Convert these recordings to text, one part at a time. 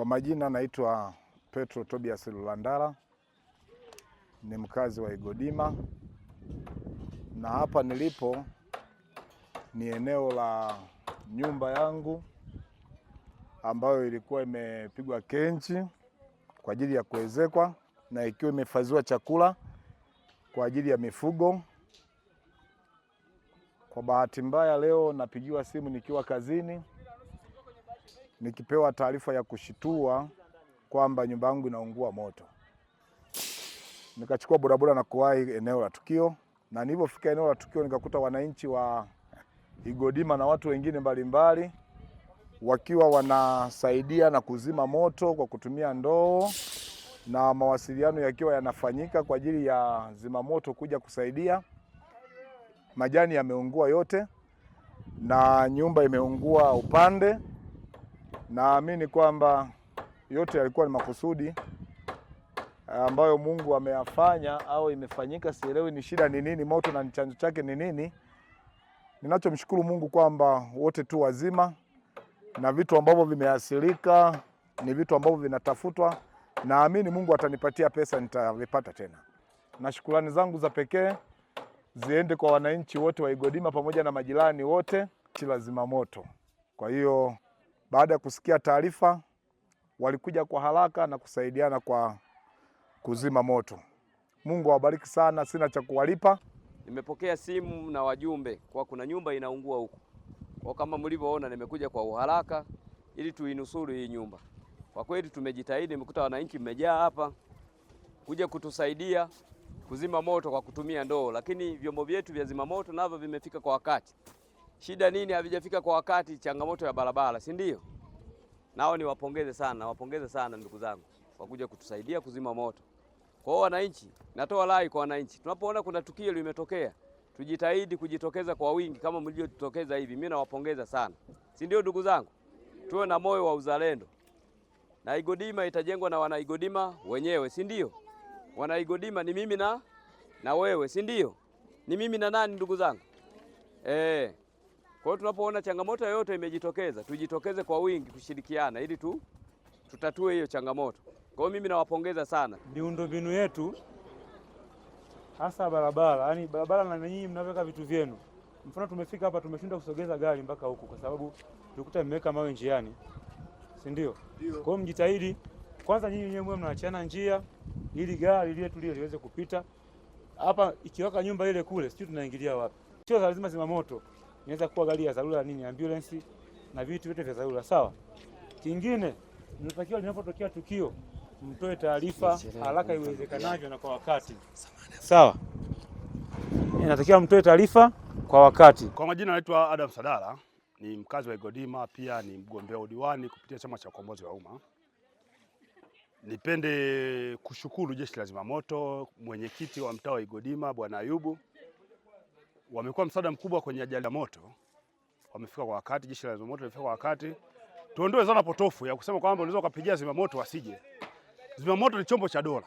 Kwa majina naitwa Petro Tobias Lulandala, ni mkazi wa Igodima na hapa nilipo ni eneo la nyumba yangu ambayo ilikuwa imepigwa kenchi kwa ajili ya kuwezekwa na ikiwa imehifadhiwa chakula kwa ajili ya mifugo. Kwa bahati mbaya leo napigiwa simu nikiwa kazini nikipewa taarifa ya kushitua kwamba nyumba yangu inaungua moto, nikachukua bodaboda na kuwahi eneo la tukio, na nilipofika eneo la tukio nikakuta wananchi wa Igodima na watu wengine mbalimbali mbali, wakiwa wanasaidia na kuzima moto kwa kutumia ndoo na mawasiliano yakiwa yanafanyika kwa ajili ya zimamoto kuja kusaidia. Majani yameungua yote na nyumba imeungua upande, Naamini kwamba yote yalikuwa ni makusudi eh, ambayo Mungu ameyafanya au imefanyika, sielewi ni shida ni nini, moto na chanzo chake ni nini. Ninachomshukuru Mungu kwamba wote tu wazima, na vitu ambavyo vimeasilika ni vitu ambavyo vinatafutwa. Naamini Mungu atanipatia pesa, nitavipata tena. Na shukrani zangu za pekee ziende kwa wananchi wote wa Igodima pamoja na majirani wote, chila moto. Kwa hiyo baada ya kusikia taarifa, walikuja kwa haraka na kusaidiana kwa kuzima moto. Mungu awabariki sana, sina cha kuwalipa. Nimepokea simu na wajumbe kwa kuna nyumba inaungua huko, kwa kama mlivyoona, nimekuja kwa uharaka ili tuinusuru hii nyumba. Kwa kweli tumejitahidi, nimekuta wananchi mmejaa hapa kuja kutusaidia kuzima moto kwa kutumia ndoo, lakini vyombo vyetu vya zima moto navyo vimefika kwa wakati shida nini, havijafika kwa wakati, changamoto ya barabara, si ndio? Nao niwapongeze sana, wapongeze sana ndugu zangu kwa kuja kutusaidia kuzima moto. Kwa hiyo wananchi, natoa rai kwa wananchi, tunapoona kuna tukio limetokea, tujitahidi kujitokeza kwa wingi kama mlivyotokeza hivi. Mimi nawapongeza sana, si ndio ndugu zangu? Tuwe na moyo wa uzalendo na Igodima itajengwa na wanaigodima wenyewe, si ndio? Wanaigodima ni mimi na na wewe, si ndio? Ni mimi na nani, ndugu zangu? Eh. Kwa hiyo tunapoona changamoto yoyote imejitokeza, tujitokeze kwa wingi kushirikiana ili tu tutatue hiyo changamoto. Kwa hiyo mimi nawapongeza sana. Miundombinu yetu hasa barabara, yani barabara na nyinyi mnavyoweka vitu vyenu. Mfano tumefika hapa tumeshindwa kusogeza gari mpaka huku kwa sababu tulikuta mmeweka mawe njiani. Si ndio? Kwa hiyo mjitahidi kwanza nyinyi wenyewe mnaachana njia ili gari lile tulio liweze kupita. Hapa ikiwaka nyumba ile kule, sijui tunaingilia wapi. Sio lazima moto inaweza kuwa gari ya dharura nini, ambulance na vitu vyote vya dharura. Sawa. Kingine mnatakiwa linapotokea tukio mtoe taarifa haraka iwezekanavyo na kwa wakati. Sawa. Inatakiwa eh, mtoe taarifa kwa wakati. Kwa majina naitwa Adam Sadala, ni mkazi wa Igodima, pia ni mgombea udiwani kupitia chama cha ukombozi wa umma. Nipende kushukuru jeshi la zimamoto, mwenyekiti wa mtaa wa Igodima Bwana Ayubu wamekuwa msaada mkubwa kwenye ajali ya moto, wamefika kwa wakati, jeshi la zimamoto limefika kwa wakati. Tuondoe zana potofu ya kusema kwamba unaweza ukapigia zimamoto wasije. Zimamoto ni chombo cha dola,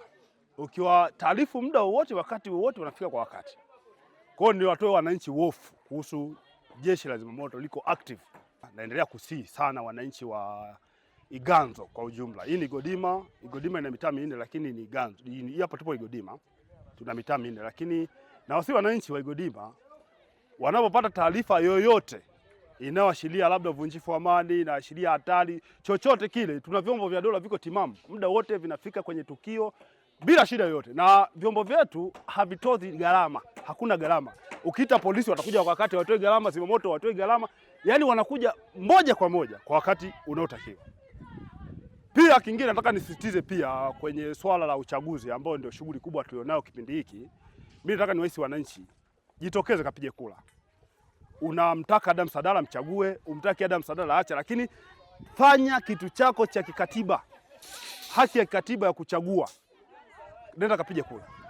ukiwa taarifu muda wowote, wakati wowote, wanafika kwa wakati. Kwa hiyo ni watoe wananchi wofu kuhusu jeshi la zimamoto liko active. Naendelea kusii sana wananchi wa Iganzo kwa ujumla. Hii ni Godima, Godima ina mitaa minne lakini ni Iganzo. hapa tupo Igodima. Tuna mitaa minne lakini na wasi wananchi wa Igodima wanapopata taarifa yoyote inayoashiria labda uvunjifu wa amani, inaashiria hatari, chochote kile, tuna vyombo vya dola viko timamu muda wote, vinafika kwenye tukio bila shida yoyote, na vyombo vyetu havitozi gharama, hakuna gharama. Ukiita polisi watakuja kwa wakati, watoe gharama, zimamoto watoe gharama, yani wanakuja moja kwa moja kwa wakati unaotakiwa. Pia kingine nataka nisisitize pia kwenye swala la uchaguzi, ambao ndio shughuli kubwa tulionayo kipindi hiki, mimi nataka niwaisi wananchi jitokeze kapige kura. Unamtaka Adam Sadala mchague, umtaki Adam Sadala acha, lakini fanya kitu chako cha kikatiba, haki ya kikatiba ya kuchagua. Nenda kapige kura.